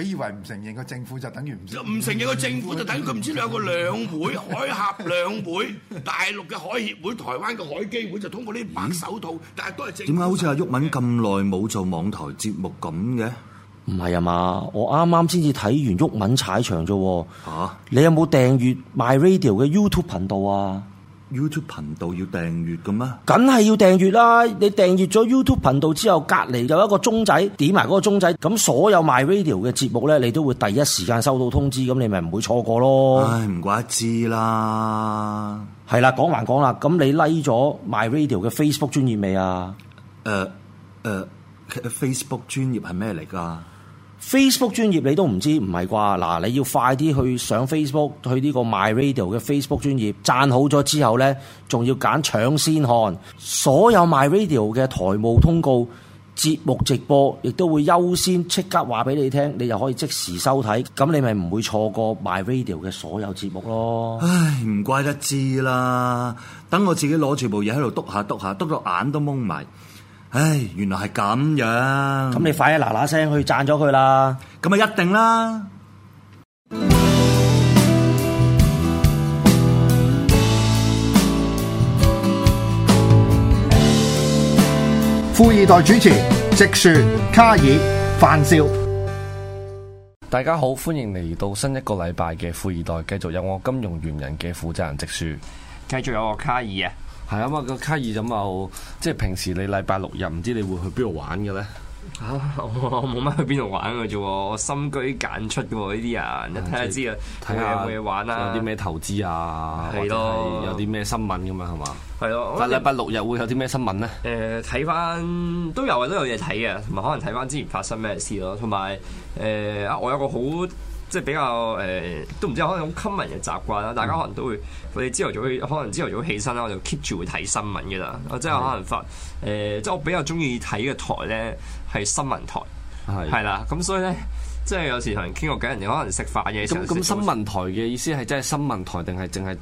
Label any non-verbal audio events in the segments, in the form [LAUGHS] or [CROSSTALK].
你以為唔承認個政府就等於唔承認個政府，政府就等佢唔知，兩個兩會 [LAUGHS] 海峽兩會，大陸嘅海協會 [LAUGHS] 台灣嘅海基會，就通過呢啲白手套，咦但係都係政府。點解好似阿鬱文咁耐冇做網台節目咁嘅？唔係啊嘛，我啱啱先至睇完鬱文踩場啫。嚇、啊！你有冇訂閱 My Radio 嘅 YouTube 頻道啊？YouTube 頻道要訂閱㗎咩？梗係要訂閱啦！你訂閱咗 YouTube 頻道之後，隔離有一個鐘仔，點埋嗰個鐘仔，咁所有 MyRadio 嘅節目呢，你都會第一時間收到通知，咁你咪唔會錯過咯。唉，唔怪得之啦。係啦，講還講啦，咁你 like 咗 MyRadio 嘅 Facebook 專頁未啊？誒誒、uh, uh，Facebook 專頁係咩嚟㗎？Facebook 專頁你都唔知，唔係啩？嗱，你要快啲去上 Facebook，去呢個 My Radio 嘅 Facebook 專頁讚好咗之後呢，仲要揀搶先看所有 My Radio 嘅台務通告、節目直播，亦都會優先即刻話俾你聽，你就可以即時收睇，咁你咪唔會錯過 My Radio 嘅所有節目咯。唉，唔怪得知啦，等我自己攞住部嘢喺度篤下篤下，篤到眼都蒙埋。唉，原來係咁樣。咁你快啲嗱嗱聲去讚咗佢啦！咁啊，一定啦。富易袋主持直樹、卡爾、范少，大家好，歡迎嚟到新一個禮拜嘅富易袋，繼續有我金融原人嘅負責人直樹，繼續有我卡爾啊。係啊嘛，個卡爾咁嘛，即係平時你禮拜六日唔知你會去邊度玩嘅咧？嚇、啊，我冇乜去邊度玩嘅啫喎，我深居簡出嘅喎呢啲人，啊、一睇就知啦看。睇下有冇嘢玩啊？有啲咩投資啊？係咯的，有啲咩新聞咁樣？係嘛？係咯，咁禮拜六日會有啲咩新聞咧？誒、呃，睇翻都有啊，都有嘢睇嘅，同埋可能睇翻之前發生咩事咯，同埋誒啊，我有個好。即係比較誒、呃，都唔知可能好 common 嘅習慣啦。大家可能都會，嗯、我哋朝頭早可能朝頭早起身啦，我就 keep 住會睇新聞嘅啦。我即係可能發誒是的、呃，即係我比較中意睇嘅台咧係新聞台，係啦是的。咁所以咧，即係有時同人傾過偈，人哋可能食飯嘅時候，咁咁新聞台嘅意思係即係新聞台定係淨係？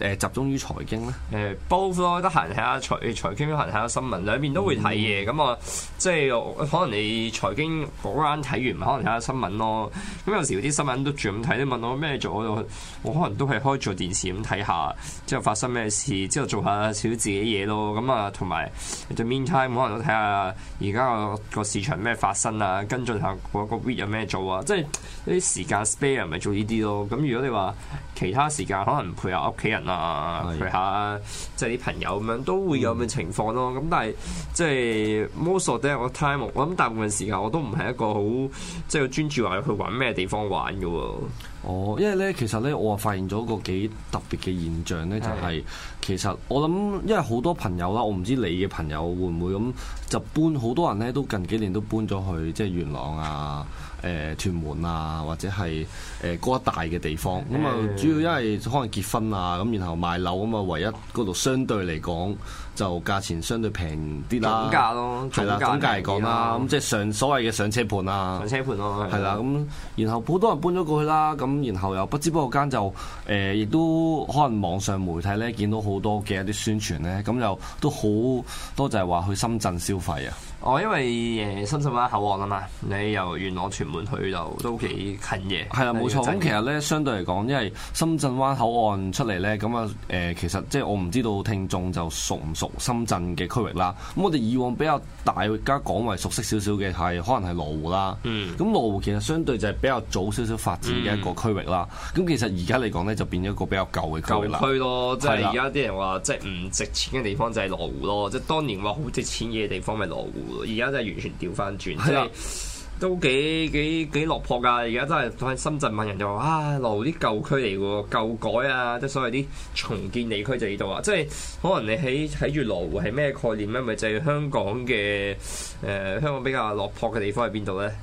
誒集中於財經咧，誒 both 咯，得閒睇下財財經，得閒睇下新聞，兩邊都會睇嘢。咁啊、嗯嗯，即係可能你財經嗰 round 睇完，可能睇下新聞咯。咁有時啲新聞都轉咁睇，你問我咩做我，我可能都係開住電視咁睇下，之後發生咩事，之後做下少少自己嘢咯。咁啊，同埋在 mean time，可能都睇下而家個市場咩發生啊，跟進下個個 week 有咩做啊。即係啲時間 spare 咪做呢啲咯。咁如果你話其他時間，可能陪下屋企人。啊，陪下即係啲朋友咁樣，都會有咁嘅情況咯。咁但係即係 most of the time，我諗大部分時間我都唔係一個好即係專注話去搵咩地方玩噶喎。哦，因為咧，其實咧，我啊發現咗一個幾特別嘅現象咧，就係、是、是的，其實我諗，因為好多朋友啦，我唔知你嘅朋友會唔會咁就搬，好多人咧都近幾年都搬咗去即係元朗啊。誒、呃、屯門啊，或者係誒嗰一帶嘅地方，咁啊主要因為可能結婚啊，咁然後買樓啊嘛，唯一嗰度相對嚟講，就價錢相對平啲啦，總價咯，係啦，總價嚟講啦，咁即係上所謂嘅上車盤啦，上車盤咯，係啦，咁然後好多人搬咗過去啦，咁然後又不知不覺間就誒，亦都可能網上媒體咧見到好多嘅一啲宣傳咧，咁又都好多就係話去深圳消費啊。哦，因為誒深圳灣口岸啊嘛，你由元朗屯門去就都幾近嘅，係啦，冇錯。咁其實咧相對嚟講，因為深圳灣口岸出嚟咧，咁啊誒，其實即係我唔知道聽眾就熟唔？屬深圳嘅區域啦，咁我哋以往比較大家講為熟悉少少嘅係可能係羅湖啦，咁、嗯、羅湖其實相對就係比較早少少發展嘅一個區域啦，咁、嗯、其實而家嚟講咧就變咗一個比較舊嘅區啦。咯，即係而家啲人話即係唔值錢嘅地方就係羅湖咯，即係當年話好值錢嘅地方咪羅湖咯，而家就係完全調翻轉，即係的，就係都幾幾幾落魄噶，而家真係喺深圳問人就話啊，羅湖啲舊區嚟喎，舊改啊，即係所謂啲重建地區就喺度啊，即係可能你喺睇住羅湖係咩概念咧？咪就係、是、香港嘅誒、呃，香港比較落魄嘅地方喺邊度咧？誒、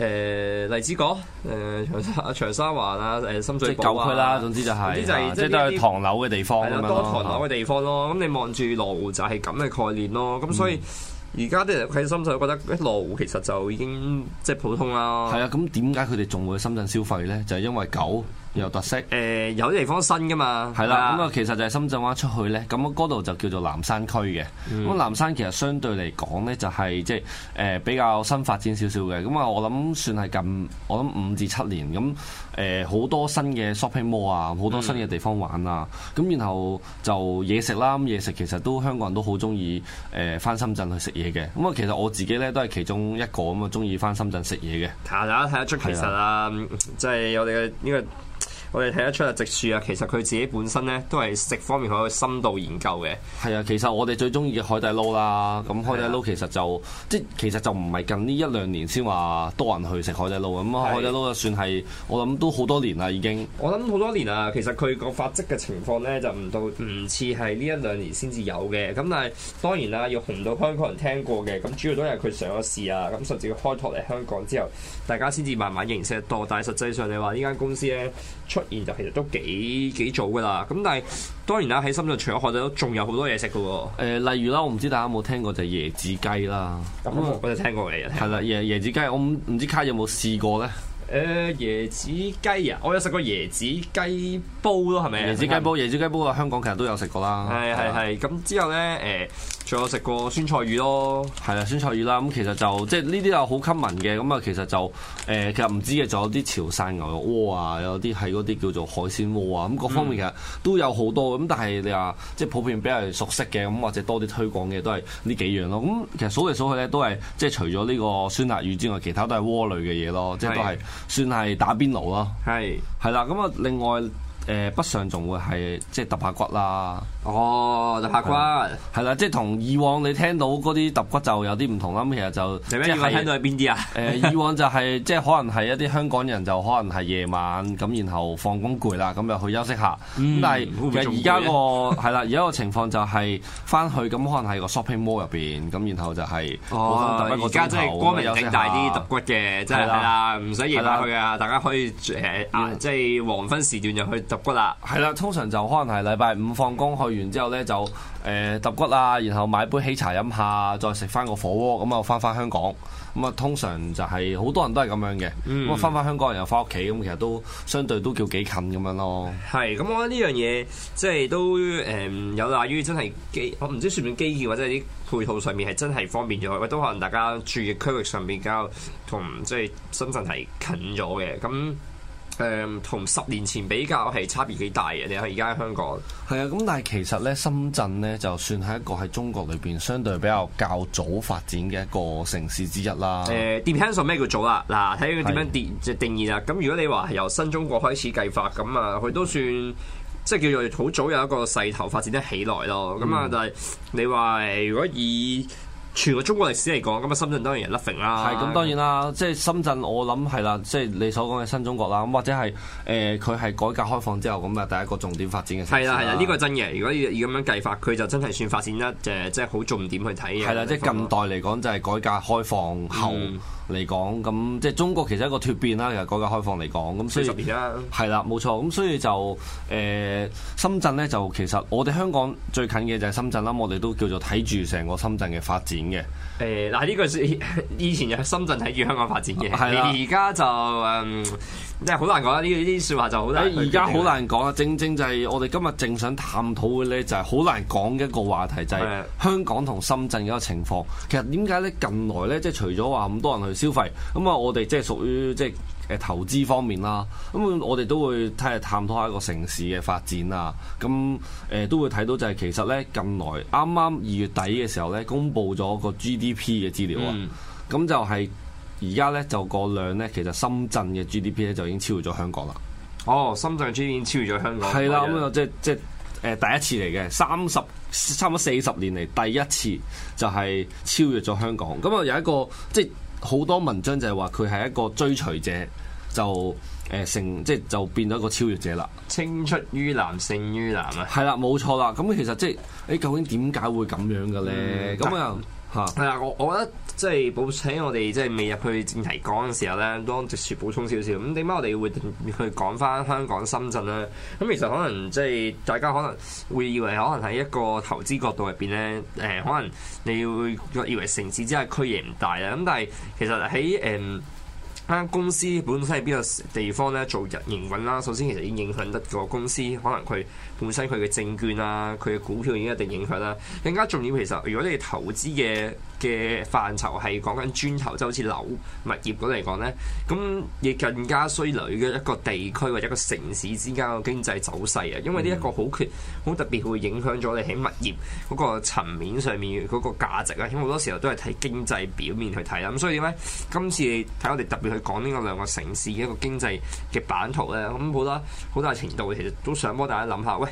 呃，荔枝角、誒、呃、長沙長，長沙灣、呃、啊、誒深水埗啊，啦，總之就係、是，總之就係、是啊啊、即係唐樓嘅地方咁樣咯，多唐樓嘅地方咯，咁你望住羅湖就係咁嘅概念咯，咁所以。嗯嗯而家啲人喺深圳，覺得一羅湖其實就已經即係、就是、普通啦。係啊，咁點解佢哋仲會去深圳消費咧？就係、是、因為狗。有特色，誒、呃、有啲地方新㗎嘛，係啦的。咁啊、嗯，其實就係深圳灣出去咧，咁啊嗰度就叫做南山區嘅。咁、嗯、南山其實相對嚟講咧，就係即係誒比較新發展少少嘅。咁啊，我諗算係近我諗五至七年。咁誒好多新嘅 shopping mall 啊，好多新嘅地方玩啊。咁、嗯、然後就嘢食啦。咁嘢食其實都香港人都好中意誒返深圳去食嘢嘅。咁啊，其實我自己咧都係其中一個咁啊，中意返深圳食嘢嘅。睇下睇下其實啊，即係我哋嘅呢個。我哋睇得出啊，直樹啊，其實佢自己本身咧都係食方面可以深度研究嘅。係啊，其實我哋最中意嘅海底撈啦，咁海底撈其實就是、啊、即其實就唔係近呢一兩年先話多人去食海底撈咁是、啊、海底撈就算係我諗都好多年啦已經。我諗好多年啦，其實佢個發跡嘅情況咧就唔到唔似係呢一兩年先至有嘅。咁但係當然啦，要紅到香港人聽過嘅，咁主要都係佢上咗市啊，咁甚至要開拓嚟香港之後，大家先至慢慢認識得多。但係實際上你話呢間公司咧出而就其實都幾幾早㗎啦，咁但係當然啦，喺深圳除咗海鮮都仲有好多嘢食嘅喎。誒，例如啦，我唔知大家有冇聽過就椰子雞啦。咁、嗯嗯、我就聽過嚟嘅。係啦，椰椰子雞，我唔唔知卡有冇試過咧。誒、呃，椰子雞啊，我有食過椰子雞煲咯，係咪啊？椰子雞煲，椰子雞煲啊，香港其實都有食過啦。係係係，咁之後咧誒。呃仲有食過酸菜魚咯，係啦酸菜魚啦，咁其實就即係呢啲又好襟民嘅，咁啊其實就誒、呃、其實唔知嘅，仲有啲潮汕牛肉鍋啊，有啲係嗰啲叫做海鮮鍋啊，咁各方面其實都有好多咁，嗯、但係你話即係普遍比較熟悉嘅，咁或者多啲推廣嘅都係呢幾樣咯。咁其實數嚟數去咧都係即係除咗呢個酸辣魚之外，其他都係鍋類嘅嘢咯，是的 即係都係算係打邊爐咯。係係啦，咁啊另外。誒北上仲會係即係揼下骨啦，哦，揼下骨，係啦，即係同以往你聽到嗰啲揼骨就有啲唔同啦。咁其實就即係喺度係邊啲啊？誒，以往就係即係可能係一啲香港人就可能係夜晚咁，然後放工攰啦，咁就去休息下。但係而家個係啦，而家個情況就係翻去咁可能喺個 shopping mall 入邊咁，然後就係哦，而家真係光明正大啲揼骨嘅，真係啦，唔使夜翻去啊，大家可以誒即係黃昏時段就去。揼骨啦，係啦，通常就可能係禮拜五放工去完之後呢，就誒揼骨啊，然後買杯喜茶飲下，再食翻個火鍋，咁啊翻返香港，咁啊通常就係、是、好多人都係咁樣嘅，咁啊翻返香港又翻屋企，咁其實都相對都叫幾近咁樣咯。係，咁我覺得呢樣嘢即係都誒、呃、有賴於真係機，我唔知算唔算基建或者啲配套上面係真係方便咗，或者都可能大家住嘅區域上比較同即係深圳係近咗嘅咁。誒同、嗯、十年前比較係差別幾大嘅，你喺而家香港係啊，咁但係其實咧，深圳咧，就算係一個喺中國裏邊相對比較較早發展嘅一個城市之一啦。誒 Depends on 咩叫的早啦？嗱，睇佢點樣定定義啦。咁的如果你話係由新中國開始計法，咁啊，佢都算即係、就是、叫做好早有一個勢頭發展得起來咯。咁啊、嗯，就係你話，如果以全個中國歷史嚟講，咁啊深圳當然係 nothing 啦。係咁當然啦，即係深圳，我諗係啦，即係你所講嘅新中國啦，咁或者係誒佢係改革開放之後咁啊第一個重點發展嘅城市。係啦係啦，呢個係真嘅。如果要咁樣計法，佢就真係算發展得即係好重點去睇嘅。係啦，即係近代嚟講就係改革開放後嚟講，咁即係中國其實一個蛻變啦。其實改革開放嚟講，咁所以，四十年啦。係啦，冇錯。咁所以就誒深圳咧，就其實我哋香港最近嘅就係深圳啦，我哋都叫做睇住成個深圳嘅發展。嘅，誒嗱、欸，呢個以前就喺深圳睇住香港發展嘅，而而家就誒，即係好難講呢啲說話就好難講。而家好難講啊！正正就係我哋今日正想探討嘅咧，就係好難講嘅一個話題，就係、是、香港同深圳嗰個情況。其實點解咧？近來咧，即係除咗話咁多人去消費，咁啊，我哋即係屬於即係。投資方面啦，咁我哋都會睇下探討下一個城市嘅發展啊，咁誒、呃、都會睇到就係其實呢，近來啱啱二月底嘅時候呢，公布咗個 GDP 嘅資料啊，咁、嗯、就係而家呢，就個量呢，其實深圳嘅 GDP 呢，就已經超越咗香港啦。哦，深圳 GDP 已經超越咗香港，係啦了，咁就即即誒第一次嚟嘅，三十差唔多四十年嚟第一次就係超越咗香港。咁啊有一個即好、就是、多文章就係話佢係一個追隨者。就誒、呃、成即係就變咗一個超越者啦。青出於藍，勝於藍啊！係啦，冇錯啦。咁其實即係，誒、欸、究竟點解會咁樣嘅咧？咁啊，係啦，我我覺得即係補請我哋即係未入去正題講嘅時候咧，當直樹補充少少。咁點解我哋會去講翻香港、深圳咧？咁其實可能即係、就是、大家可能會以為可能喺一個投資角度入邊咧，誒、呃、可能你會以為城市之下區型唔大啦。咁但係其實喺誒。呃間公司本身喺邊個地方咧做營運啦，首先其實已經影響得個公司，可能佢。本身佢嘅證券啊，佢嘅股票已經一定影響啦。更加重要，其實如果你投資嘅嘅範疇係講緊磚頭，就好似樓物業嗰啲嚟講咧，咁亦更加衰累嘅一個地區或者一個城市之間嘅經濟走勢啊。因為呢一個好缺好特別，會影響咗你喺物業嗰個層面上面嗰個價值啊。因為好多時候都係睇經濟表面去睇啦。咁所以咧，今次睇我哋特別去講呢個兩個城市嘅一個經濟嘅版圖咧，咁好多好大程度其實都想幫大家諗下，喂～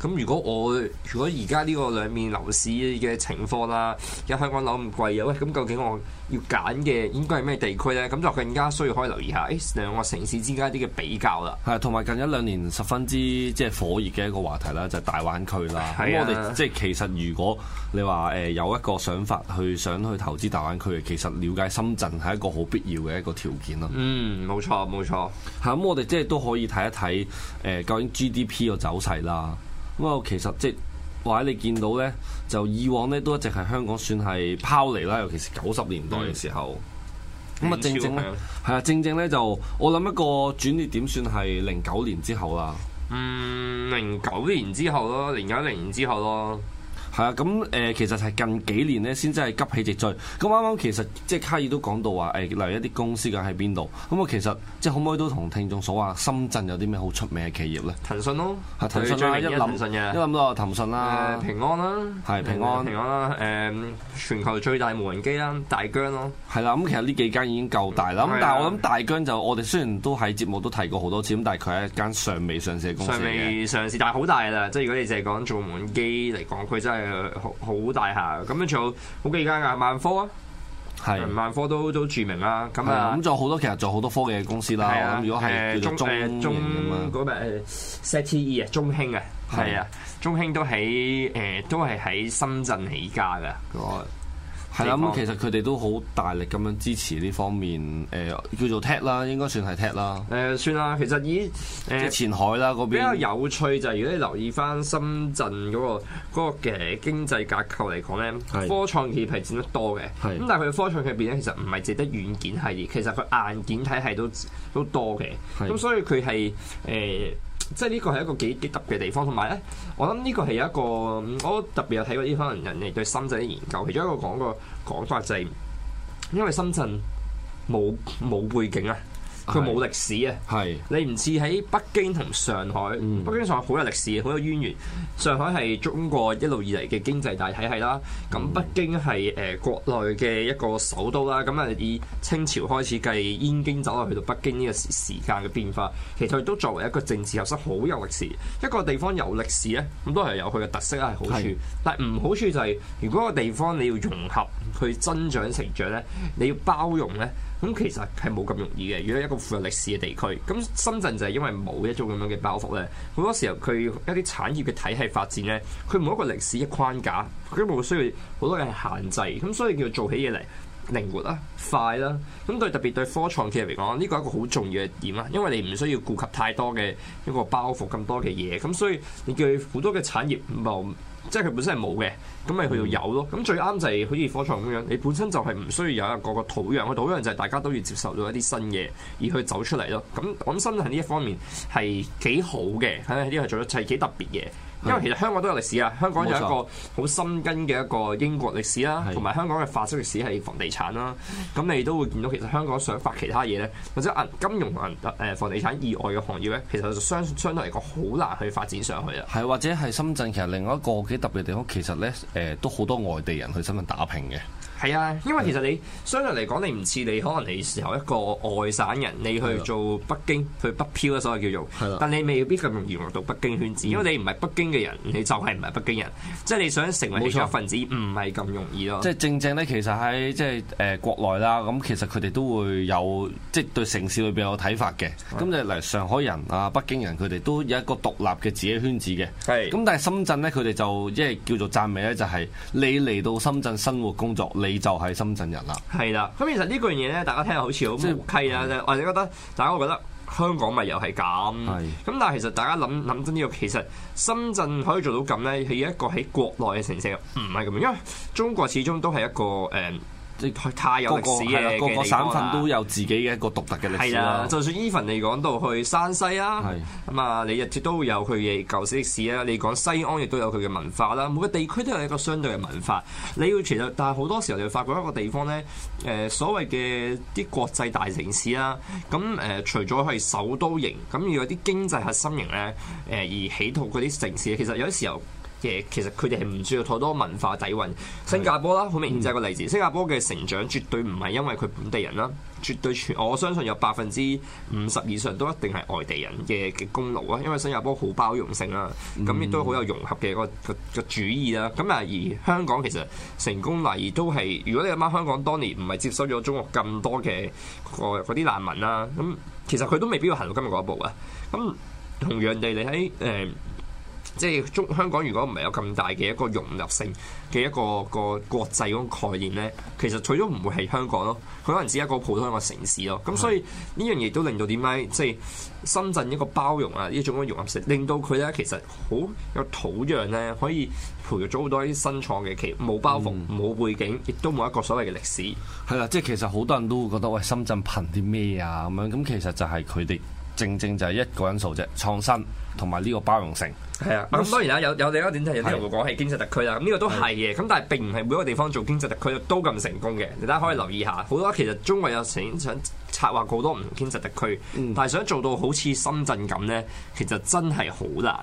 咁如果我如果而家呢個兩面樓市嘅情況啦，有香港樓咁貴嘅，喂，咁究竟我要揀嘅應該係咩地區咧？咁就更加需要可以留意下誒、哎、兩個城市之間啲嘅比較啦。係啊，同埋近一兩年十分之即係火熱嘅一個話題啦，就係、是、大灣區啦。係啊，咁我哋即係其實，如果你話誒有一個想法去想去投資大灣區，其實了解深圳係一個好必要嘅一個條件咯。嗯，冇錯冇錯。嚇，咁、啊、我哋即係都可以睇一睇誒究竟 G D P 個走勢啦。咁其實即係話你見到呢，就以往呢都一直係香港算係拋離啦，尤其是九十年代嘅時候。咁啊，正正呢，啊，係啊，正正呢就我諗一個轉折點算係零九年之後啦。嗯，零九年之後咯，零九零年之後咯。係啊，咁誒其實係近幾年咧先真係急起直追。咁啱啱其實即係卡爾都講到話誒，例如一啲公司嘅喺邊度。咁我其實即係可唔可以都同聽眾所話，深圳有啲咩好出名嘅企業咧？騰訊咯，係騰訊，一諗到騰訊啦，平安啦，係平安，平安啦，誒全球最大無人機啦，大疆咯，係啦。咁其實呢幾間已經夠大啦。咁但係我諗大疆就我哋雖然都喺節目都提過好多次，咁但係佢係一間尚未上市嘅公司，尚未上市，但係好大啦。即係如果你淨係講做無人機嚟講，佢真係。誒，好大廈，咁樣仲好幾間噶，萬科啊，係是萬科都都著名啦，咁啊咁仲有好多，其實仲好多科技嘅公司啦。的如果係誒的中誒中嗰咩誒 ZTE 啊，中興啊，係啊的，的中興都喺誒、呃、都係喺深圳起家噶，我。係啦，咁其實佢哋都好大力咁樣支持呢方面，誒、呃、叫做 Tech 啦，應該算係 Tech 啦。誒、呃、算啦，其實以誒、呃、前海啦嗰邊比較有趣就係，如果你留意翻深圳嗰、嗰個嘅、嗰個、經濟結構嚟講咧，科創企業係佔得多嘅。咁是，但係佢科創企業入邊咧，其實唔係只得軟件系列，其實佢硬件體系都都多嘅。咁是，所以佢係誒。呃即係呢個係一個幾幾特別嘅地方，同埋咧，我諗呢個係一個，我特別有睇過啲可能人哋對深圳嘅研究，其中一個講,一個,講一個講法就係、是，因為深圳冇冇背景啊。佢冇歷史啊！係你唔似喺北京同上海，北京上海好有歷史，好有淵源。上海係中國一路以嚟嘅經濟大體系啦。咁北京係誒、呃、國內嘅一個首都啦。咁啊以清朝開始計，燕京走落去到北京呢個時時間嘅變化，其實都作為一個政治核心，好有歷史。一個地方有歷史咧，咁都係有佢嘅特色啦，係好處。是但唔好處就係、是，如果個地方你要融合去增長成長咧，你要包容咧。咁其實係冇咁容易嘅。如果一個富有歷史嘅地區，咁深圳就係因為冇一種咁樣嘅包袱咧。好多時候佢一啲產業嘅體系發展咧，佢冇一個歷史嘅框架，佢冇需要好多嘅限制，咁所以叫做起嘢嚟靈活啦、快啦。咁對特別對科創企業嚟講，呢個係一個好重要嘅點啦，因為你唔需要顧及太多嘅一個包袱咁多嘅嘢，咁所以你叫佢好多嘅產業即係佢本身係冇嘅，咁咪去到有咯。咁最啱就係好似火葬咁樣，你本身就係唔需要有一個個土壤。個土壤就係大家都要接受到一啲新嘢，而去走出嚟咯。咁講新興呢一方面係幾好嘅，係呢個做咗係幾特別嘅。因為其實香港都有歷史啊，香港有一個好深根嘅一個英國歷史啦，同埋沒錯 香港嘅發跡歷史係房地產啦，咁是 你都會見到其實香港想發其他嘢呢，或者銀金融銀誒房地產以外嘅行業呢，其實就相相對嚟講好難去發展上去啊，係或者係深圳其實另外一個幾特別嘅地方，其實呢誒、呃、都好多外地人去深圳打拼嘅。係啊，因為其實你是的 相對嚟講，你唔似你可能你時候一個外省人，你去做北京去北漂啊，所謂叫做，是的 但你未必咁容易融入到北京圈子，嗯、因為你唔係北京嘅人，你就係唔係北京人，即係你想成為一分子唔係咁容易咯。即係正正咧，其實喺即係誒國內啦，咁其實佢哋都會有即係對城市裏邊有睇法嘅。咁就嚟上海人啊、北京人，佢哋都有一個獨立嘅自己圈子嘅。咁是的 但係深圳咧，佢哋就即係叫做讚美咧，就係、是、你嚟到深圳生活工作，你就係深圳人啦，係啦。咁其實呢個樣嘢咧，大家聽落好似好無稽啦，或者是覺得，大家會覺得香港咪又係咁。係咁的，但係其實大家諗諗真呢個，其實深圳可以做到咁咧，係一個喺國內嘅城市，唔係咁樣，因為中國始終都係一個誒。嗯即係太有歷史嘅，各個省份都有自己嘅一個獨特嘅歷史啦。就算 even 你講到去山西啊，咁啊的，你亦都都會有佢嘅舊時歷史啦。你講西安亦都有佢嘅文化啦。每個地區都有一個相對嘅文化。你要其實，但係好多時候你會發覺一個地方咧，誒、呃、所謂嘅啲國際大城市啦，咁誒、呃、除咗係首都型，咁要有啲經濟核心型咧，誒、呃、而起託嗰啲城市，其實有啲時候。嘅其實佢哋係唔需要太多文化底蘊，新加坡啦好明顯就係個例子。新加坡嘅成長絕對唔係因為佢本地人啦，絕對全我相信有百分之五十以上都一定係外地人嘅嘅功勞啊。因為新加坡好包容性啦，咁亦都好有融合嘅一個主意啦。咁啊，而香港其實成功例都係，如果你阿媽香港當年唔係接收咗中國咁多嘅嗰啲難民啦，咁其實佢都未必要行到今日嗰一步啊。咁同樣地你，你喺誒。即係中香港，如果唔係有咁大嘅一個融入性嘅一個一個,一個國際嗰個概念呢，其實佢都唔會係香港咯，佢可能只係一個普通一個城市咯。咁是的 所以呢樣嘢都令到點解即係深圳一個包容啊，呢種嘅融入性，令到佢呢其實好有土壤呢，可以培育咗好多啲新創嘅企業，冇包袱、冇、嗯、背景，亦都冇一個所謂嘅歷史。係啦，即係其實好多人都會覺得喂，深圳憑啲咩啊咁樣？咁其實就係佢哋。正正就係一個因素啫，創新同埋呢個包容性。係啊，咁、啊嗯啊、當然啦，有有另一點就係有啲人會講係經濟特區啦，咁、嗯、呢、嗯、個都係嘅。咁但係並唔係每一個地方做經濟特區都咁成功嘅。大家可以留意下，好多其實中國有時想策劃過好多唔同經濟特區，但係想做到好似深圳咁呢，其實真係好難。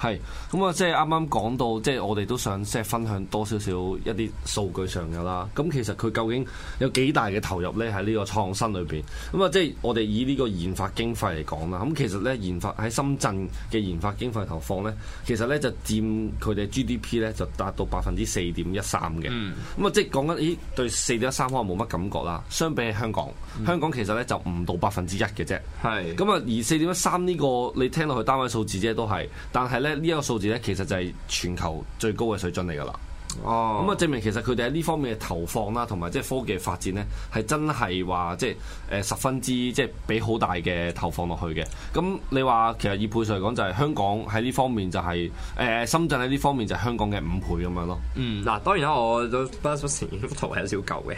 係，咁啊、嗯，即係啱啱講到，即係我哋都想即係分享多少少一啲數據上嘅啦。咁、嗯、其實佢究竟有幾大嘅投入咧？喺呢個創新裏邊，咁、嗯、啊，即係我哋以呢個研發經費嚟講啦。咁、嗯、其實咧，研發喺深圳嘅研發經費投放咧，其實咧就佔佢哋 GDP 咧就達到百分之四點一三嘅。咁、嗯、啊，嗯嗯、即係講緊，咦？對四點一三，可能冇乜感覺啦。相比起香港，香港其實咧就唔到百分之一嘅啫。係是。咁啊，而四點一三呢個，你聽落去單位數字啫，都係。但係呢一個數字咧，其實就係全球最高嘅水準嚟噶啦。哦，咁啊證明其實佢哋喺呢方面嘅投放啦、啊，同埋即係科技發展咧，係真係話即係誒、呃、十分之即係俾好大嘅投放落去嘅。咁你話其實以倍數嚟講，就係香港喺呢方面就係、是、誒、呃、深圳喺呢方面就係香港嘅五倍咁樣咯。嗯，嗱當然啦，我都承認幅圖係有少少舊嘅，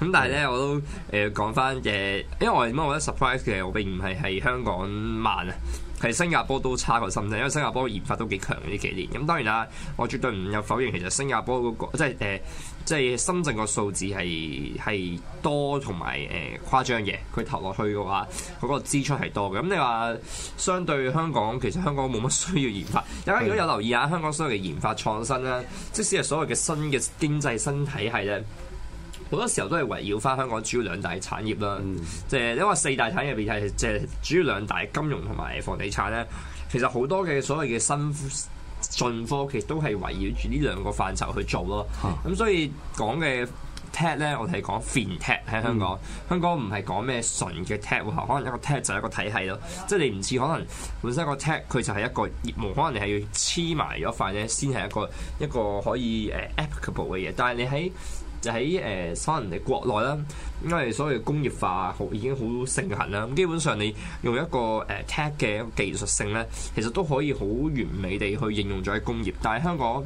咁但係咧我都誒講翻嘅，因為我係乜，我覺得 surprise 嘅，我並唔係係香港慢啊。其實新加坡都差過深圳，因為新加坡嘅研發都幾強呢幾年。咁當然啦，我絕對唔有否認其實新加坡嗰、那個即係誒，即、就、係、是呃就是、深圳個數字係係多同埋誒誇張嘅。佢投落去嘅話，佢、那個支出係多嘅。咁你話相對香港，其實香港冇乜需要研發。大家如果有留意下是的 香港所有嘅研發創新啦，即使係所謂嘅新嘅經濟新體系咧，好多時候都係圍繞翻香港主要兩大產業啦，即係你話四大產業入邊係即係主要兩大金融同埋房地產咧，其實好多嘅所謂嘅新進科技其實都係圍繞住呢兩個範疇去做咯。咁、啊、所以講嘅 tech 咧，我哋係講 fin tech 喺香港，嗯、香港唔係講咩純嘅 tech 喎，可能一個 tech 就一個體系咯。即係、嗯、你唔似可能本身個 tech 佢就係一個業務，可能你係要黐埋咗塊咧先係一個一個可以誒 applicable 嘅嘢，但係你喺就喺誒，可能你國內啦，因為所謂工業化好已經好盛行啦。咁基本上你用一個誒、呃、Tech 嘅技術性咧，其實都可以好完美地去應用咗喺工業。但係香港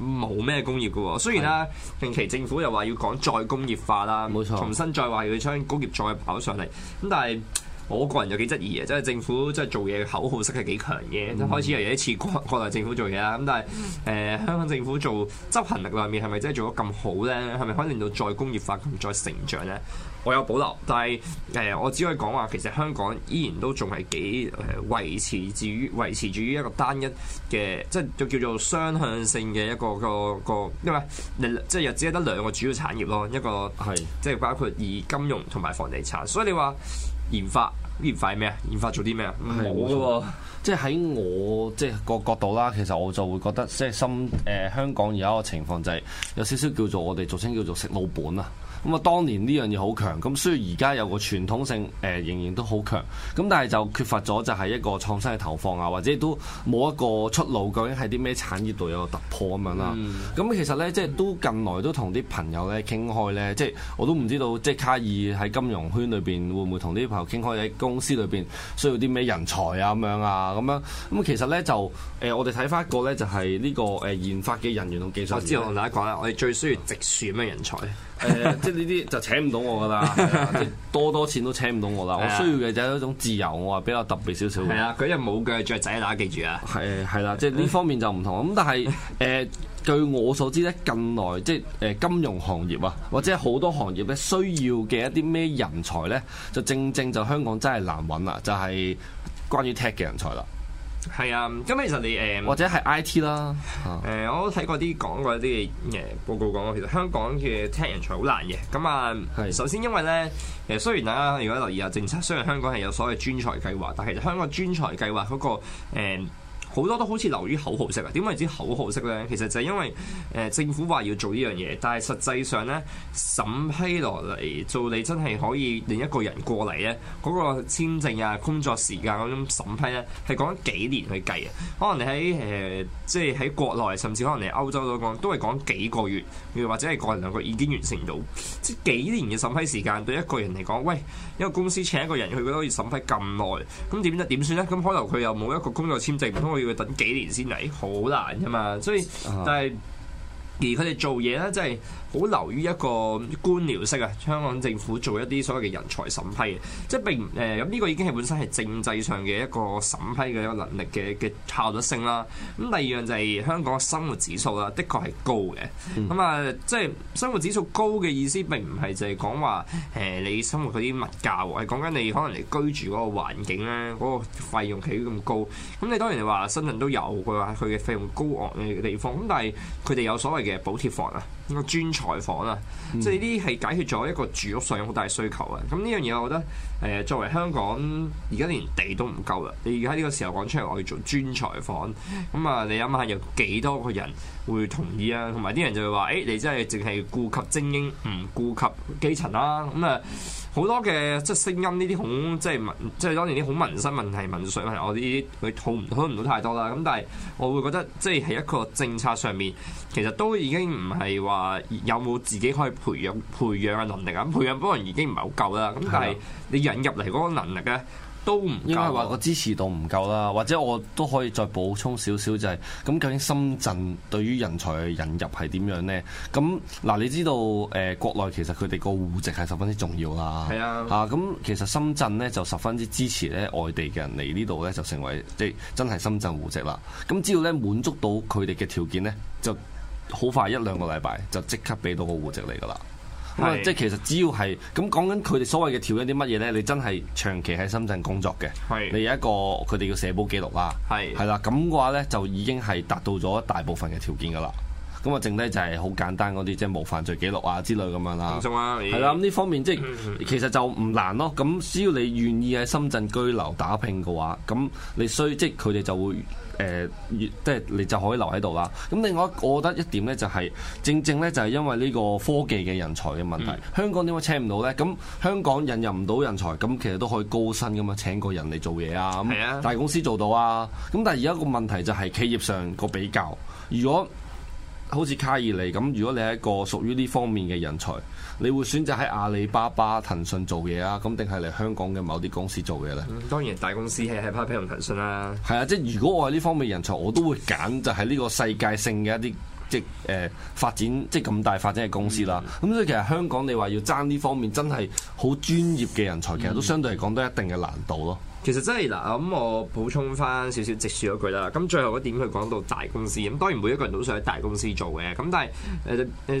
冇咩工業㗎喎。雖然咧近是的 期政府又話要講再工業化啦，冇沒錯，重新再話要將工業再跑上嚟。咁但係。我個人有幾質疑嘅，即係政府即係做嘢口號式係幾強嘅，一、嗯、開始又有啲似國國內政府做嘢啦。咁但係誒、呃、香港政府做執行力內面係咪真係做咗咁好咧？係咪可以令到再工業化、再成長咧？我有保留，但係誒、呃、我只可以講話，其實香港依然都仲係幾誒維持住於維持住於一個單一嘅，即係就叫做雙向性嘅一個個個，因為即係亦只係得兩個主要產業咯，一個係即係包括以金融同埋房地產，所以你話。研發，研發係咩啊？研發做啲咩啊？冇嘅喎，嗯、即係喺我即係個角度啦，其實我就會覺得，即係深誒香港而家個情況就係有少少叫做我哋俗稱叫做食老本啦。咁啊，當年呢樣嘢好強，咁雖然而家有個傳統性誒、呃，仍然都好強。咁但係就缺乏咗就係一個創新嘅投放啊，或者都冇一個出路。究竟係啲咩產業度有個突破咁、嗯、樣啦？咁其實咧，即係都近來都同啲朋友咧傾開咧，即係我都唔知道，即係卡爾喺金融圈裏邊會唔會同啲朋友傾開喺公司裏邊需要啲咩人才啊咁樣啊咁樣。咁其實咧就誒、呃，我哋睇翻一個咧就係呢個誒研發嘅人員同技術。我知道同大家講啦，呢我哋最需要直樹咩人才？誒，即係呢啲就請唔到我噶啦，即係多多錢都請唔到我啦。 [LAUGHS] 我需要嘅就係一種自由，我話比較特別少少嘅。係啊，佢因為冇腳嘅雀仔啦，大家記住啊。 [LAUGHS] 係係啦，即係呢方面就唔同。咁但係誒、呃，據我所知咧，近來即係誒，金融行業啊，或者好多行業咧，需要嘅一啲咩人才咧，就正正就香港真係難揾啦，就係、是、關於 Tech 嘅人才啦。係啊，咁其實你誒或者係 IT 啦，誒、嗯、我都睇過啲講過啲誒報告講過，其實香港嘅聽人才好難嘅。咁啊，的首先因為咧，其實雖然大家如果留意下政策，雖然香港係有所謂專才計劃，但係其實香港專才計劃嗰、那個、嗯好多都好似流於口號式啊！點為之口號式呢？其實就係因為誒、呃、政府話要做呢樣嘢，但係實際上呢，審批落嚟，做你真係可以另一個人過嚟呢嗰、那個簽證啊、工作時間嗰種審批咧，係講幾年去計啊！可能你喺誒、呃、即係喺國內，甚至可能你喺歐洲都講，都係講幾個月，又或者係個人兩個已經完成到，即係幾年嘅審批時間對一個人嚟講，喂，一個公司請一個人去都要審批咁耐，咁點就點算呢？咁可能佢又冇一個工作簽證，要等幾年先嚟，好難噶嘛，所以、uh huh. 但係。而佢哋做嘢咧，即係好流於一個官僚式啊！香港政府做一啲所謂嘅人才審批，即係並唔誒咁呢個已經係本身係政制上嘅一個審批嘅一個能力嘅嘅效率性啦。咁第二樣就係香港嘅生活指數啦，的確係高嘅。咁啊、嗯，即係生活指數高嘅意思並唔係就係講話誒你生活嗰啲物價，係講緊你可能你居住嗰個環境咧，嗰、嗰個費用起咁高。咁你當然你話深圳都有佢話佢嘅費用高昂嘅地方，咁但係佢哋有所謂。嘅補貼房啊。個專才房啊，即係呢啲係解決咗一個住屋上好大嘅需求啊。咁呢樣嘢我覺得，誒、呃、作為香港而家連地都唔夠啦，你而家呢個時候講出嚟，我要做專才房，咁啊你諗下有幾多個人會同意啊？同埋啲人就會話，誒、欸、你真係淨係顧及精英，唔顧及基層啦、啊。咁啊好多嘅即係聲音，呢啲好即係即係當然啲好民生問題、民粹問題，我啲佢討唔討唔到太多啦。咁但係我會覺得，即係喺一個政策上面，其實都已經唔係話。話有冇自己可以培養培養嘅能力啊？培養不過已經唔係好夠啦，咁但係你引入嚟嗰個能力咧都唔夠。應該係話我支持度唔夠啦，或者我都可以再補充少少、就是，就係咁究竟深圳對於人才嘅引入係點樣呢？咁嗱，你知道誒、呃，國內其實佢哋個戶籍係十分之重要啦。係啊，吓咁、啊、其實深圳咧就十分之支持咧外地嘅人嚟呢度咧就成為即係、就是、真係深圳戶籍啦。咁只要咧滿足到佢哋嘅條件咧就。好快一兩個禮拜就即刻俾到個戶籍嚟噶啦，咁啊即係其實只要係咁講緊佢哋所謂嘅條件啲乜嘢咧，你真係長期喺深圳工作嘅，是你有一個佢哋嘅社保記錄啦，係啦咁嘅話咧就已經係達到咗大部分嘅條件噶啦，咁啊剩低就係好簡單嗰啲即係冇犯罪記錄啊之類咁樣啦，係啦咁呢方面即係 [LAUGHS] 其實就唔難咯，咁只要你願意喺深圳居留打拼嘅話，咁你需即佢哋就會。誒，即係、呃、你就可以留喺度啦。咁另外，我覺得一點呢就係、是、正正呢就係因為呢個科技嘅人才嘅問題，嗯、香港點解請唔到呢？咁香港引入唔到人才，咁其實都可以高薪㗎嘛，請個人嚟做嘢啊，大公司做到啊。咁但係而家個問題就係企業上個比較，如果。好似卡爾尼咁，如果你係一個屬於呢方面嘅人才，你會選擇喺阿里巴巴、騰訊做嘢啊？咁定係嚟香港嘅某啲公司做嘢呢？當然大公司係係阿里巴巴、騰訊啦。係啊，即 [NOISE] 係樂如果我係呢方面人才，我都會揀就係呢個世界性嘅一啲即係誒、呃、發展即係咁大發展嘅公司啦。咁、嗯、所以其實香港你話要爭呢方面真係好專業嘅人才，其實都相對嚟講都係一定嘅難度咯。其實真係嗱，咁、嗯、我補充翻少少直樹一句啦。咁、嗯、最後一點佢講到大公司，咁當然每一個人都想喺大公司做嘅。咁但係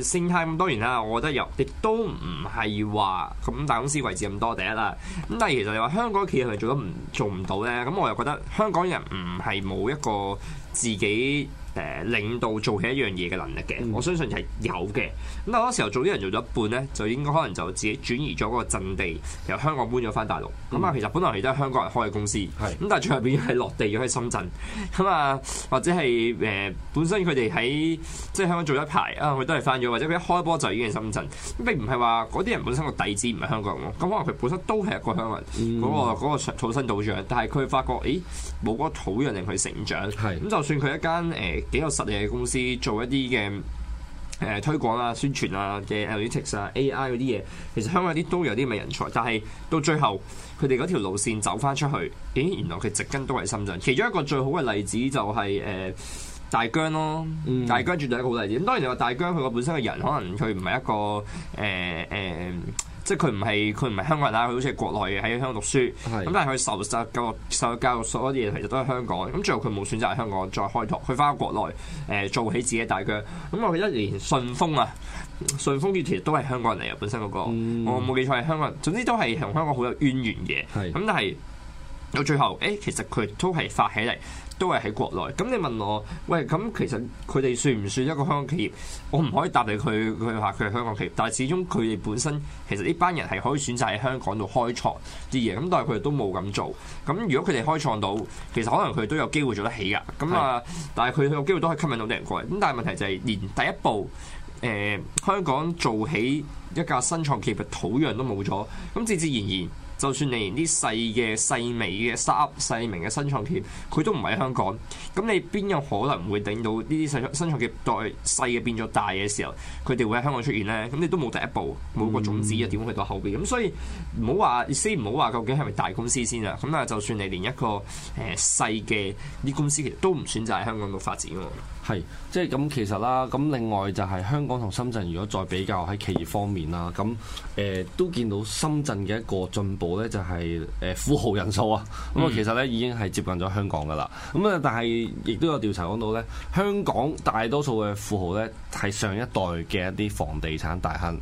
誒誒，生態咁當然啦，我覺得又亦都唔係話咁大公司位置咁多第一啦。咁但係其實你話香港企業係做得唔做唔到咧？咁、嗯、我又覺得香港人唔係冇一個自己。誒領導做起一樣嘢嘅能力嘅，嗯、我相信係有嘅。咁好多時候做啲人做咗一半咧，就應該可能就自己轉移咗嗰個陣地，由香港搬咗翻大陸。咁啊，其實本來都係香港人開嘅公司，咁是 但係最後變咗係落地咗喺深圳。咁、呃、啊，或者係誒本身佢哋喺即係香港做咗一排啊，佢都係翻咗，或者一開波就已經係深圳。並唔係話嗰啲人本身個底子唔係香港人，咁可能佢本身都係一個香港人，嗰、嗰個嗰個土生土長。但係佢發覺，誒冇嗰個土壤令佢成長。咁是 就算佢一間誒。呃幾有實力嘅公司做一啲嘅誒推廣啊、宣傳啊嘅 analytics 啊、AI 嗰啲嘢，其實香港啲都有啲咁嘅人才，但係到最後佢哋嗰條路線走返出去，咦？原來佢直根都係深圳。其中一個最好嘅例子就係、是、誒、呃、大疆咯，嗯、大疆絕對係一個好例子。咁當然你話大疆佢個本身嘅人，可能佢唔係一個誒誒。呃呃即係佢唔係佢唔係香港人啦，佢好似係國內嘅喺香港讀書，咁是但係佢受受教育，受教育所有嘢其實都係香港，咁最後佢冇選擇喺香港再開拓，去翻咗國內、呃、做起自己大腳，咁、嗯、我記得連順豐啊，順豐佢其實都係香港人嚟啊，本身嗰、那個、嗯、我冇記錯係香港人。總之都係同香港好有淵源嘅，咁是但係。到最後，誒、欸，其實佢都係發起嚟，都係喺國內。咁你問我，喂，咁其實佢哋算唔算一個香港企業？我唔可以答你佢，佢話佢係香港企業。但係始終佢哋本身其實呢班人係可以選擇喺香港度開創啲嘢。咁但係佢哋都冇咁做。咁如果佢哋開創到，其實可能佢都有機會做得起㗎。咁啊，是的 但係佢有機會都可以吸引到啲人過嚟。咁但係問題就係，連第一步，誒、呃，香港做起一架新創企業嘅土壤都冇咗，咁自自然然。就算你連啲細嘅細微嘅三細名嘅新創業，佢都唔喺香港，咁你邊有可能會頂到呢啲細新創業待細嘅變咗大嘅時候，佢哋會喺香港出現咧？咁你都冇第一步，冇個種子又點去到後邊，咁所以唔好話先，唔好話究竟係咪大公司先啊？咁啊，就算你連一個誒、呃、細嘅啲公司，其實都唔選擇喺香港度發展喎。係，即係咁其實啦，咁另外就係香港同深圳，如果再比較喺企業方面啦，咁誒、呃、都見到深圳嘅一個進步呢、就是，就係誒富豪人數啊，咁啊其實呢已經係接近咗香港噶啦，咁啊但係亦都有調查講到呢，香港大多數嘅富豪呢，係上一代嘅一啲房地產大亨。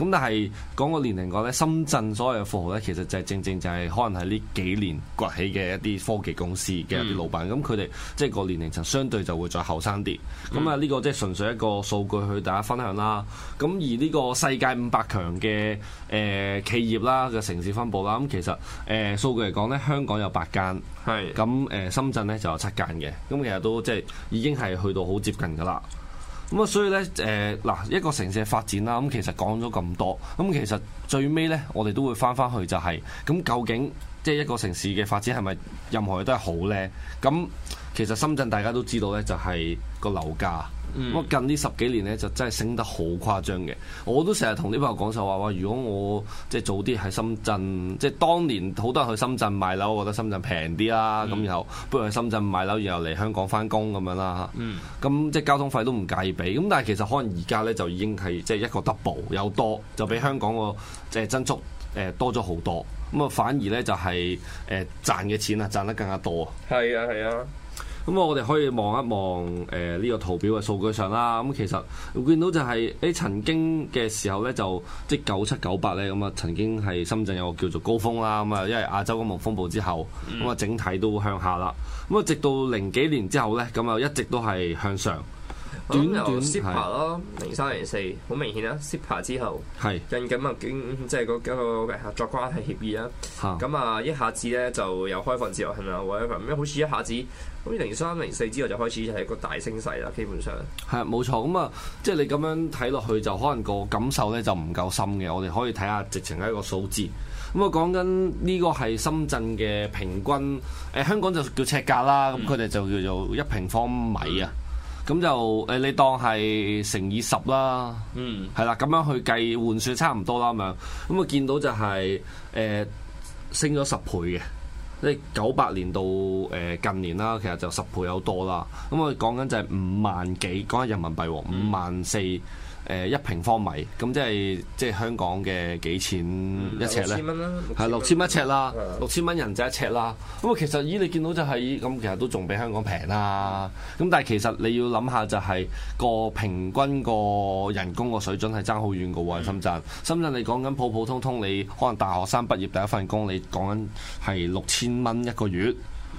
咁但係講個年齡講咧，深圳所有嘅富豪咧，其實就係正正就係可能係呢幾年崛起嘅一啲科技公司嘅一啲老闆，咁佢哋即係個年齡層相對就會再後生啲。咁啊、嗯，呢、嗯、個即係純粹一個數據去大家分享啦。咁而呢個世界五百強嘅誒企業啦嘅城市分佈啦，咁其實誒數、呃、據嚟講咧，香港有八間，係咁誒深圳咧就有七間嘅，咁其實都即係已經係去到好接近㗎啦。咁啊，所以咧，誒嗱，一個城市嘅發展啦，咁其實講咗咁多，咁其實最尾咧，我哋都會翻翻去就係，咁究竟即係一個城市嘅發展係咪任何嘢都係好咧？咁。其實深圳大家都知道咧，就係個樓價。不過嗯、近呢十幾年咧，就真係升得好誇張嘅。我都成日同啲朋友講就話話，如果我即係早啲喺深圳，即係當年好多人去深圳買樓，我覺得深圳平啲啦。咁、嗯、然後不如去深圳買樓，然後嚟香港翻工咁樣啦。咁、嗯、即係交通費都唔介意俾。咁但係其實可能而家咧就已經係即係一個 double 有多，就比香港個即係增速誒多咗好多。咁啊，反而咧就係誒賺嘅錢啊，賺得更加多。係啊，係啊。咁啊，我哋可以望一望誒呢個圖表嘅數據上啦。咁其實會見到就係啲曾經嘅時候咧，就即係九七九八咧咁啊，曾經係深圳有個叫做高峰啦。咁啊，因為亞洲金融風暴之後，咁啊、嗯、整體都向下啦。咁啊，直到零幾年之後咧，咁啊一直都係向上。短短係咯，零是三零四好明顯啊。CEPA 之後係是印緊啊，經即係嗰、那個嘅合、那個、作關係協議啊。咁啊，一下子咧就有開放自由行啊，或者咁好似一下子。咁零三零四之後就開始就係一個大升勢啦，基本上係啊，冇錯。咁、嗯、啊，即係你咁樣睇落去就可能個感受咧就唔夠深嘅。我哋可以睇下直情係一個數字。咁、嗯、啊，講緊呢個係深圳嘅平均，誒、呃、香港就叫尺價啦。咁佢哋就叫做一平方米啊。咁、嗯、就誒你當係乘以十啦。嗯，係啦，咁樣去計算換算差唔多啦，咁樣。咁、嗯、啊，嗯、見到就係、是、誒、呃、升咗十倍嘅。即係九八年到誒近年啦，其實就十倍有多啦。咁我哋講緊就係五萬幾，講緊人民幣喎，嗯、五萬四，誒一平方米，咁即係即係香港嘅幾錢一尺呢？嗯、六千蚊啦，六千蚊尺啦，六千蚊人仔一尺啦。咁啊，嗯、其實咦，你見到就係、是、咁，其實都仲比香港平啦。咁但係其實你要諗下就係、是、個平均個人工個水準係爭好遠㗎喎喺深圳。深圳、嗯、你講緊普普通通你，你可能大學生畢業第一份工，你講緊係六千蚊一個月。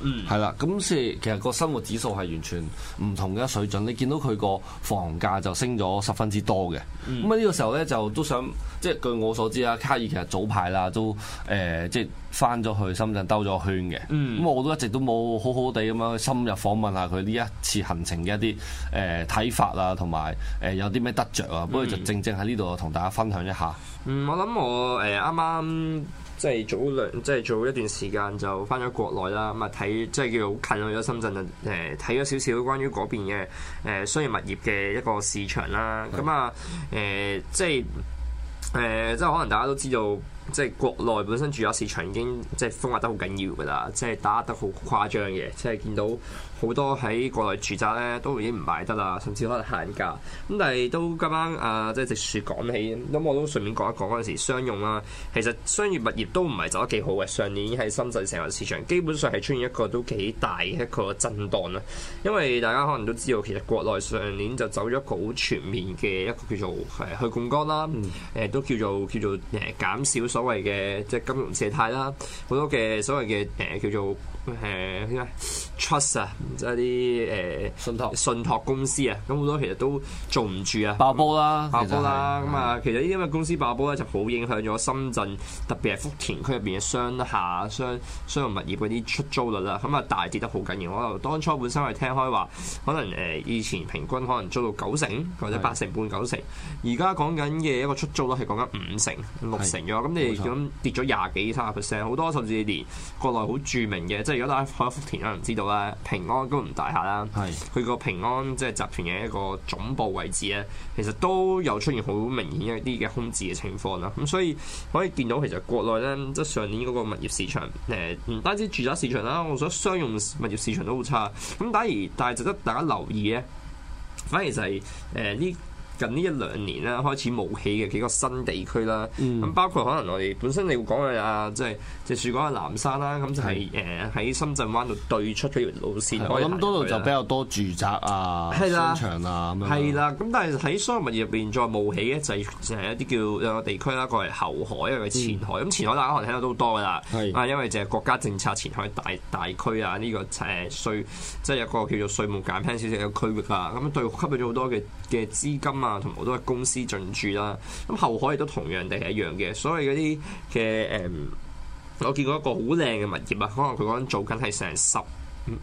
嗯，係啦，咁所以其實個生活指數係完全唔同嘅水準，你見到佢個房價就升咗十分之多嘅。咁啊呢個時候咧就都想，即係據我所知啊，卡爾其實早排啦都誒即係翻咗去深圳兜咗圈嘅。咁、嗯、我都一直都冇好好地咁樣深入訪問下佢呢一次行程嘅一啲誒睇法啊，同埋誒有啲咩得着啊，不過就正正喺呢度同大家分享一下。嗯、我諗我誒啱啱。呃剛剛即係早兩，即係早一段時間就翻咗國內啦。咁啊睇，即係叫好近去咗深圳啊。誒睇咗少少關於嗰邊嘅誒、呃、商業物業嘅一個市場啦。咁啊誒、呃，即係誒、呃，即係可能大家都知道，即係國內本身住宅市場已經即係封壓得好緊要㗎啦，即係打壓得好誇張嘅，即係見到。好多喺國內住宅咧都已經唔買得啦，甚至可能限價。咁但係都啱啱，啊，即係直樹講起，咁我都順便講一講嗰陣時商用啦。其實商業物業都唔係走得幾好嘅，上年喺深圳成個市場基本上係出現一個都幾大一個震盪啦。因為大家可能都知道，其實國內上年就走咗個好全面嘅一個叫做係去槓桿啦，誒都叫做叫做誒減少所謂嘅即係金融借貸啦，好多嘅所謂嘅誒叫做。誒，點啊？嗯，trust 啊，即係啲誒，信託信託公司啊，咁好多其實都做唔住啊，爆煲啦，爆煲啦，咁啊，其實呢啲咁嘅公司爆煲咧，就好影響咗深圳，特別係福田區入邊嘅商廈、商商用物業嗰啲出租率啦，咁啊大跌得好緊要。可能當初本身係聽開話，可能誒以前平均可能租到九成或者八成半、是的 九成，而家講緊嘅一個出租率係講緊五成、六成咁，咁是的 你咁跌咗廿幾、三十 percent，好多甚至連國內好著名嘅即係如果大家睇福田可能知道啦，平安金融大廈啦。佢個是平安即係集團嘅一個總部位置咧，其實都有出現好明顯一啲嘅空置嘅情況啦。咁所以可以見到其實國內咧，即係上年嗰個物業市場，誒、呃、唔單止住宅市場啦，我所商用物業市場都好差。咁反而但係值得大家留意嘅，反而就係、是。誒、呃、呢。近呢一兩年啦，開始冒起嘅幾個新地區啦。咁、嗯、包括可能我哋本身你會講嘅啊，即係即係説講南山啦。咁就係誒喺深圳灣度對出嘅條路線。是我諗多度就比較多住宅啊、啊商場啊咁樣。係啦、啊，咁但係喺所有物業入邊再冒起咧，就係一啲叫兩個地區啦，一個係後海，一個係前海。咁、嗯、前海大家可能睇到都多㗎啦，啊是，因為就係國家政策前海大大，大區啊，呢、這個誒稅、呃、即係一個叫做稅務減輕少少嘅區域啊。咁對吸引咗好多嘅嘅資金啊。啊，同好多公司進駐啦，咁後海亦都同樣地係一樣嘅，所以嗰啲嘅誒，我見過一個好靚嘅物業啊，可能佢嗰陣做緊係成十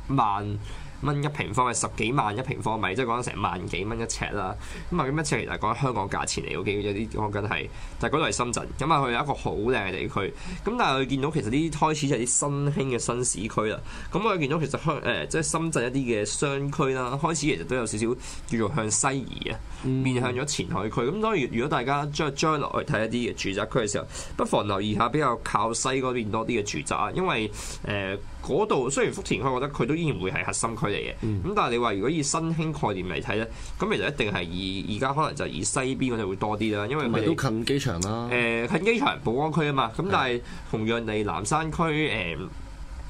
萬蚊一平方係十幾萬一平方米，即係講成萬幾蚊一尺啦。咁啊，一尺其實講香港價錢嚟，有幾有啲我覺得係，但係嗰度係深圳。咁啊，佢有一個好靚嘅地區。咁但係佢見到其實呢啲開始就係啲新興嘅新市區啦。咁我見到其實香誒即係深圳一啲嘅商區啦，開始其實都有少少叫做向西移啊，面向咗前海區。咁當然，如果大家將將來去睇一啲嘅住宅區嘅時候，不妨留意下比較靠西嗰邊多啲嘅住宅啊，因為誒嗰度雖然福田區，我覺得佢都依然會係核心區嚟嘅，咁、嗯、但係你話如果以新興概念嚟睇咧，咁其實一定係以而家可能就以西邊嗰啲會多啲啦，因為咪都近機場啦，誒、呃、近機場寶安區啊嘛，咁但係同樣地，南山區誒，呃、是的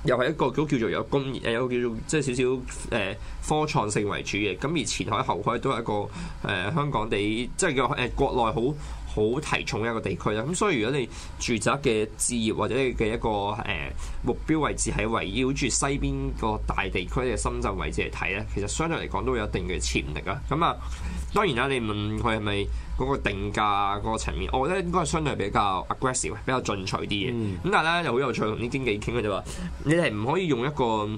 又係一個叫做、呃、叫做有工業，有叫做即係少少誒、呃，科創性為主嘅，咁、呃、而前海後海都係一個誒、呃、香港地，即係叫誒國內好。好提重一個地區啦，咁所以如果你住宅嘅置業或者你嘅一個誒、呃、目標位置喺圍繞住西邊個大地區嘅深圳位置嚟睇咧，其實相對嚟講都會有一定嘅潛力啊。咁啊，當然啦、啊，你問佢係咪嗰個定價、嗰個層面，我覺得應該係相對比較 aggressive，比較進取啲嘅。咁、嗯、但係咧又好有趣，同啲經紀傾嘅就話，你哋唔可以用一個。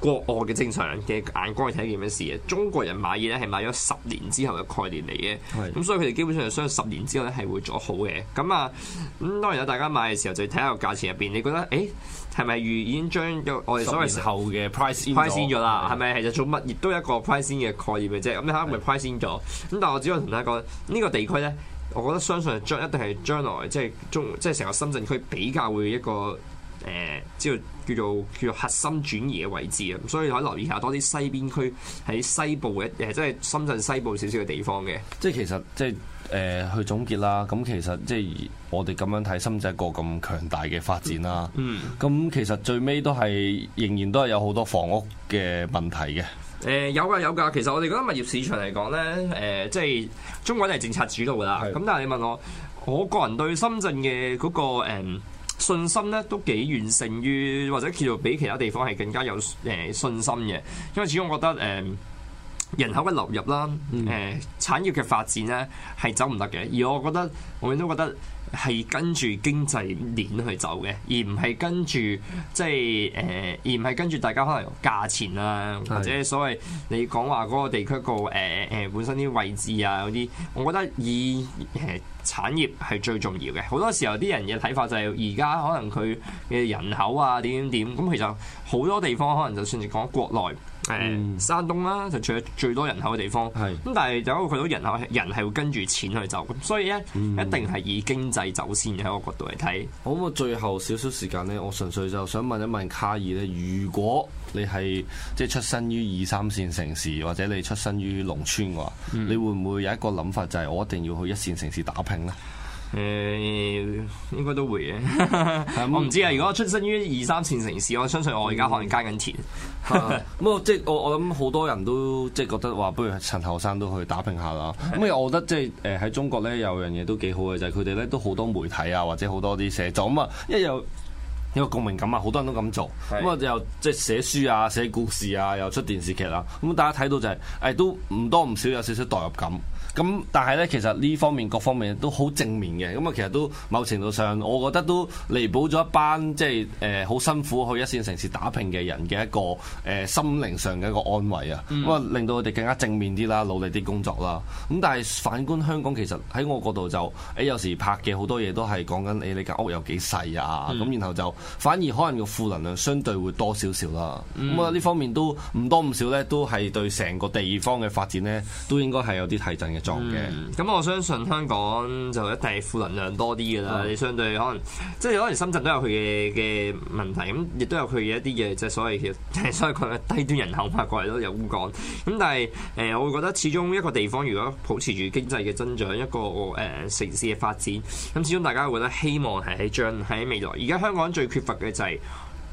國外嘅正常嘅眼光去睇一件咩事嘅？中國人買嘢咧係買咗十年之後嘅概念嚟嘅，咁是的 所以佢哋基本上相信十年之後咧係會做好嘅。咁啊，咁當然有大家買嘅時候就睇下個價錢入邊，你覺得誒係咪預已經將我哋所謂時候嘅 price price 咗啦？係咪其就是做乜嘢都有一個 price 先嘅概念嘅啫？咁你睇下咪 price 先咗？咁是的 但係我只可以同大家講，呢、這個地區咧，我覺得相信將一定係將來即係、就是、中即係成個深圳區比較會一個。誒、即、呃、叫做叫做，叫做核心轉移嘅位置啊，所以可以留意下多啲西邊區喺西部嘅，誒、呃，即係深圳西部少少嘅地方嘅。即係其實即係誒，去總結啦。咁其實即係我哋咁樣睇深圳一個咁強大嘅發展啦、嗯。嗯。咁其實最尾都係仍然都係有好多房屋嘅問題嘅、嗯。誒、嗯，有噶有噶。其實我哋覺得物業市場嚟講咧，誒、呃，即係中國係政策主導噶啦。咁是的 但係你問我，我個人對深圳嘅嗰、那個誒。嗯信心咧，都幾完成於，或者叫做比其他地方係更加有誒信心嘅，因為始終我覺得誒、呃，人口嘅流入啦，誒、呃，產業嘅發展咧係走唔得嘅，而我覺得我永遠都覺得。係跟住經濟鏈去走嘅，而唔係跟住即係誒，而唔係跟住大家可能價錢啊，或者所謂你講話嗰個地區個誒誒、呃呃、本身啲位置啊嗰啲，我覺得以誒、呃、產業係最重要嘅。好多時候啲人嘅睇法就係而家可能佢嘅人口啊點點點，咁其實好多地方可能就算係講國內。誒，嗯、山東啦、啊，就除咗最多人口嘅地方。係咁是，但係有個佢人口人係會跟住錢去走，咁所以咧，嗯、一定係以經濟走先嘅一個角度嚟睇。好，咁我最後少少時間咧，我純粹就想問一問卡爾咧，如果你係即係出身於二三線城市，或者你出身於農村嘅話，嗯、你會唔會有一個諗法，就係、是、我一定要去一線城市打拼咧？誒，應該都會嘅。 [LAUGHS] 我唔知啊。如果我出身於二三線城市，我相信我而家可能耕緊田。 [LAUGHS] [LAUGHS] 咁我即係我我諗好多人都即係覺得話，不如趁後生都去打拼下啦。咁是的 我覺得即係誒喺中國咧，就是、有樣嘢都幾好嘅就係佢哋咧都好多媒體啊，或者好多啲寫作咁啊，一有有共鳴感啊，好多人都咁做。咁啊是的 又即係寫書啊，寫故事啊，又出電視劇啦。咁大家睇到就係誒都唔多唔少有少少代入感。咁但係咧，其實呢方面各方面都好正面嘅。咁啊其實都某程度上，我覺得都彌補咗一班即係誒好辛苦去一線城市打拼嘅人嘅一個誒心靈上嘅一個安慰啊，咁啊、嗯、令到佢哋更加正面啲啦，努力啲工作啦。咁但係反觀香港，其實喺我角度就誒有時拍嘅好多嘢都係講緊你你間屋有幾細啊，咁、嗯、然後就反而可能個負能量相對會多少少啦。咁啊呢方面都唔多唔少咧，都係對成個地方嘅發展咧，都應該係有啲提振嘅。咁，嗯、我相信香港就一定係負能量多啲噶啦。你、嗯、相對可能即係可能深圳都有佢嘅嘅問題，咁亦都有佢嘅一啲嘢啫。所謂所謂佢嘅低端人口嘛，過嚟都有污乾。咁但係誒、呃，我會覺得始終一個地方如果保持住經濟嘅增長，一個誒、呃、城市嘅發展，咁始終大家會覺得希望係喺將喺未來。而家香港最缺乏嘅就係、是。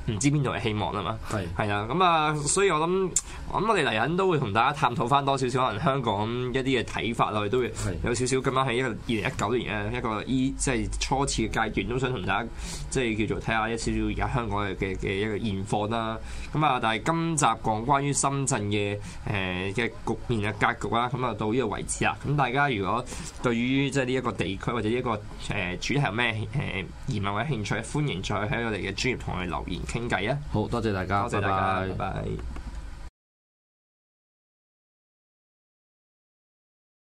唔知邊度係希望啊嘛，係啊是，咁啊，所以我諗我諗我哋嚟緊都會同大家探討翻多少少可能香港一啲嘅睇法，我哋都會有少少咁樣喺一個二零一九年嘅一個依即係初次嘅階段，都想同大家即係叫做睇下一少少而家香港嘅嘅嘅一個現況啦。咁啊，但係今集講關於深圳嘅誒嘅局面嘅格局啦，咁啊到呢個為止啦。咁大家如果對於即係呢一個地區或者一個誒、呃、主題有咩誒疑問或者興趣，歡迎再喺我哋嘅專業同你留言，傾偈啊！好多謝大家，多謝大家，拜拜。